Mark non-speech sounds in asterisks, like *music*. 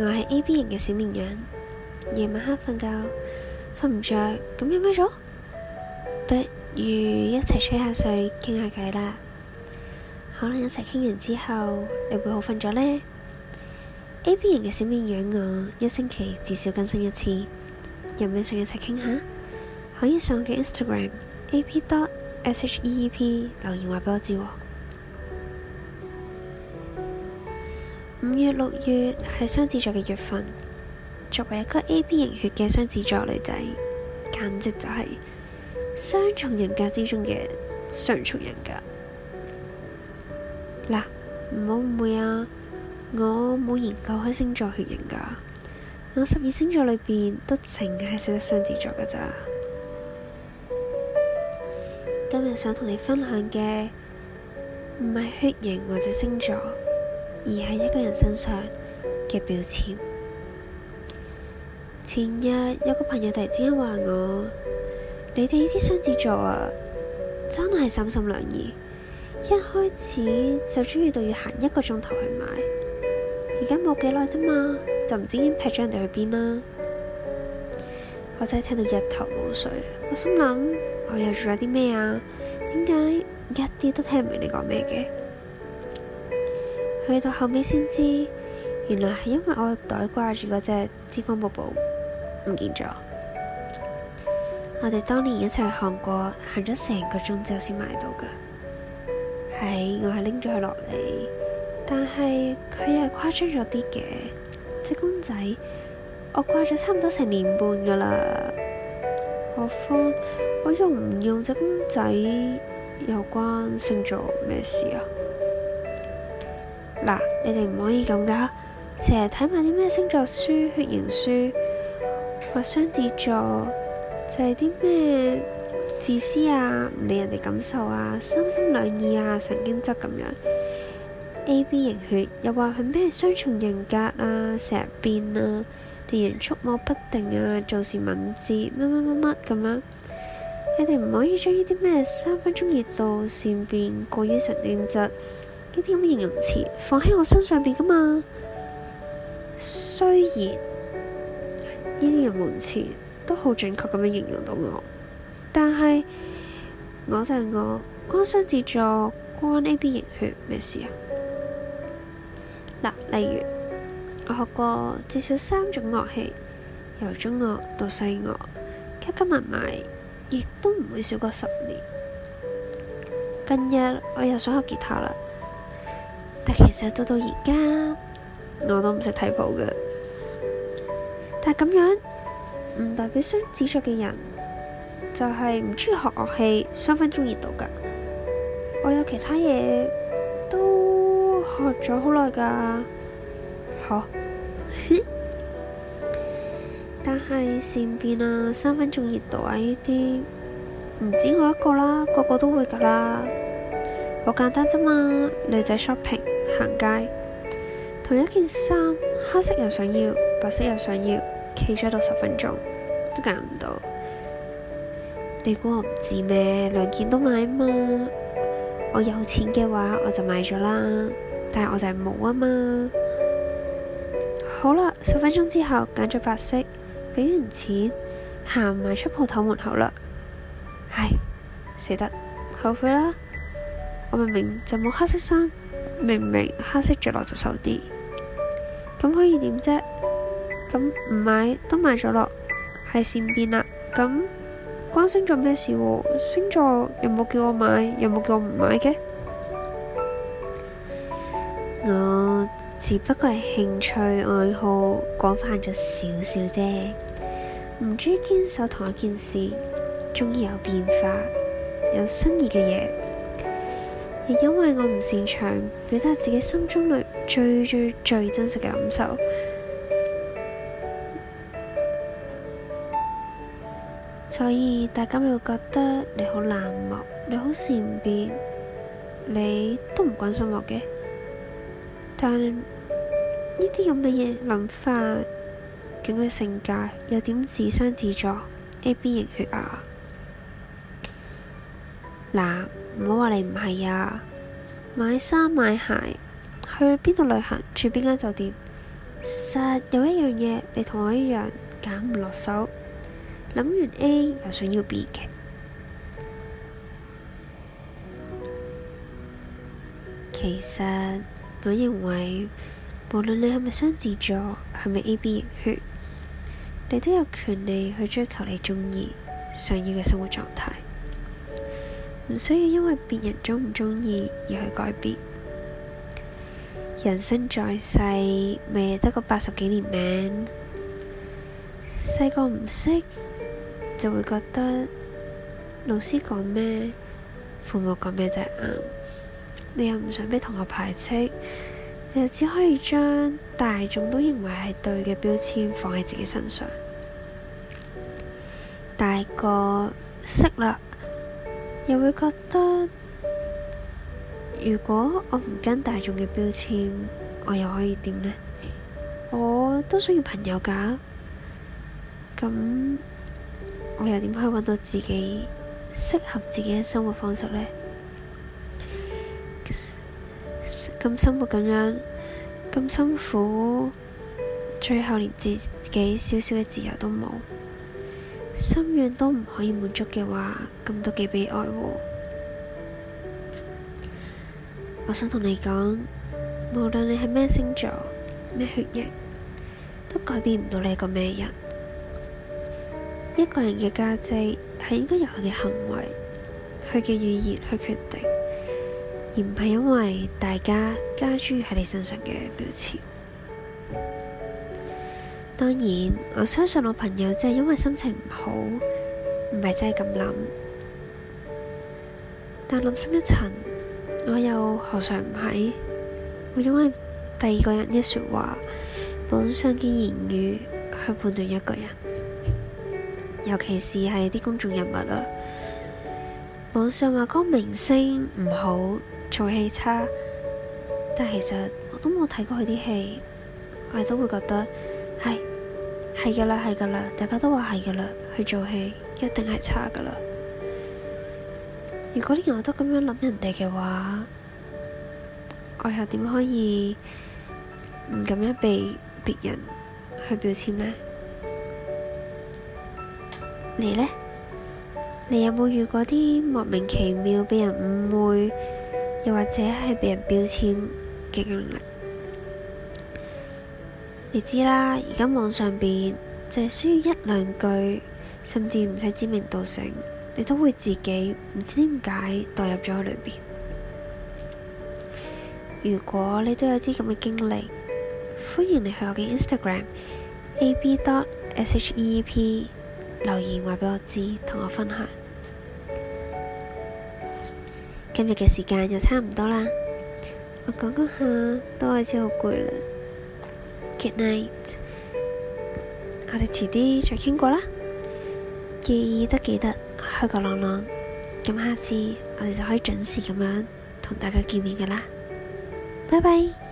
我係 A B 型嘅小綿羊，夜晚黑瞓覺瞓唔着，咁有咩做？不如一齊吹下水，傾下偈啦。可能一齊傾完之後，你會好瞓咗呢。A B 型嘅小綿羊，我一星期至少更新一次，有咩想一齊傾下？可以上我嘅 Instagram A P dot S H E E P 留言話畀我知喎。五月、六月係雙子座嘅月份。作為一個 AB 型血嘅雙子座女仔，簡直就係雙重人格之中嘅雙重人格。嗱，唔好誤會啊，我冇研究開星座血型噶。我十二星座裏邊，都淨係識得雙子座噶咋。今日想同你分享嘅，唔係血型或者星座。而係一個人身上嘅標籤。前日有個朋友突然之間話我，你哋呢啲雙子座啊，真係三心兩意，一開始就中意，到要行一個鐘頭去買，而家冇幾耐啫嘛，就唔知已經劈咗人哋去邊啦。我真係聽到一頭霧水，我心諗我又做咗啲咩啊？點解一啲都聽唔明你講咩嘅？去到後尾先知，原來係因為我袋掛住嗰隻脂肪寶寶唔見咗。我哋當年一齊去韓國行咗成個鐘之後先買到噶。係我係拎咗佢落嚟，但係佢又係誇張咗啲嘅隻公仔。我掛咗差唔多成年半噶啦。何況我用唔用隻公仔又關星座咩事啊？嗱，你哋唔可以咁噶，成日睇埋啲咩星座書、血型書，話雙子座就係啲咩自私啊，唔理人哋感受啊，三心兩意啊，神經質咁樣。AB 型血又話佢咩雙重人格啊，成日變啊，令人捉摸不定啊，做事敏捷乜乜乜乜咁樣。你哋唔可以將呢啲咩三分鐘熱度、善變、過於神經質。呢啲咁形容詞放喺我身上邊噶嘛？雖然呢啲形容詞都好準確咁樣形容到我，但係我就係我，關雙子座、關 A B 型血咩事啊？嗱，例如我學過至少三種樂器，由中樂到西樂，加加埋埋，亦都唔會少過十年。近日我又想學吉他啦。但其實到到而家，我都唔識睇譜嘅。但係咁樣唔代表雙子座嘅人就係唔中意學樂器三分鐘熱度噶。我有其他嘢都學咗好耐噶，好。 *laughs* 但係善變啊，三分鐘熱度啊呢啲唔止我一個啦，個個都會噶啦。好簡單啫嘛，女仔 shopping。行街，同一件衫，黑色又想要，白色又想要，企咗到十分鐘都揀唔到。你估我唔知咩？兩件都買啊嘛！我有錢嘅話我就買咗啦，但係我就係冇啊嘛。好啦，十分鐘之後揀咗白色，畀完錢，行埋出鋪頭門口啦。唉，死得，後悔啦！我明明就冇黑色衫。明明黑色着落就瘦啲，咁可以點啫？咁唔買都買咗落，係善變啦。咁關星座咩事？星座有冇叫我買，有冇叫我唔買嘅？我只不過係興趣愛好廣泛咗少少啫，唔中意堅守同一件事，中意有變化、有新意嘅嘢。係因為我唔擅長表達自己心中裡最最最真實嘅感受，所以大家咪會覺得你好冷漠，你好善變，你都唔關心我嘅。但呢啲咁嘅嘢諗法，咁嘅性格，又點自相自責？AB 型血呀，嗱。唔好話你唔係啊，買衫買鞋，去邊度旅行，住邊間酒店。實有一樣嘢，你同我一樣揀唔落手，諗完 A 又想要 B 嘅。其實我認為，無論你係咪雙子座，係咪 AB 型血，你都有權利去追求你中意、想要嘅生活狀態。唔需要因為別人鍾唔鍾意而去改變。人生在世，未得個八十幾年命。細個唔識，就會覺得老師講咩、父母講咩就係啱。你又唔想畀同學排斥，又只可以將大眾都認為係對嘅標籤放喺自己身上。大個識啦。又會覺得，如果我唔跟大眾嘅標籤，我又可以點呢？我都想要朋友噶，咁我又點可以搵到自己適合自己嘅生活方式呢？咁生活咁樣，咁辛苦，最後連自己少少嘅自由都冇。心願都唔可以滿足嘅話，咁都幾悲哀啊。我想同你講，無論你係咩星座、咩血型，都改變唔到你係個咩人。一個人嘅價值係應該由佢嘅行為、佢嘅語言去決定，而唔係因為大家加諸喺你身上嘅標籤。當然，我相信我朋友真係因為心情唔好，唔係真係咁諗。但諗深一層，我又何嘗唔係？我因為第二個人嘅說話，網上嘅言語去判斷一個人，尤其是係啲公眾人物啊。網上話嗰個明星唔好，做戲差，但其實我都冇睇過佢啲戲，我亦都會覺得，唉。係噶啦，係噶啦，大家都話係噶啦，去做戲一定係差噶啦。如果連我都咁樣諗人哋嘅話，我又點可以唔咁樣被別人去標籤呢？你呢？你有冇遇過啲莫名其妙被人誤會，又或者係被人標籤嘅經歷？你知啦，而家網上邊淨係需要一兩句，甚至唔使指名道姓，你都會自己唔知點解代入咗裏邊。如果你都有啲咁嘅經歷，歡迎你去我嘅 Instagram A B dot S H E E P 留言話畀我知，同我分享。今日嘅時間又差唔多啦，我講講下，都開始好攰啦。Good night，我哋遲啲再傾過啦，記得記得開個朗朗，咁下次我哋就可以準時咁樣同大家見面㗎喇，拜拜。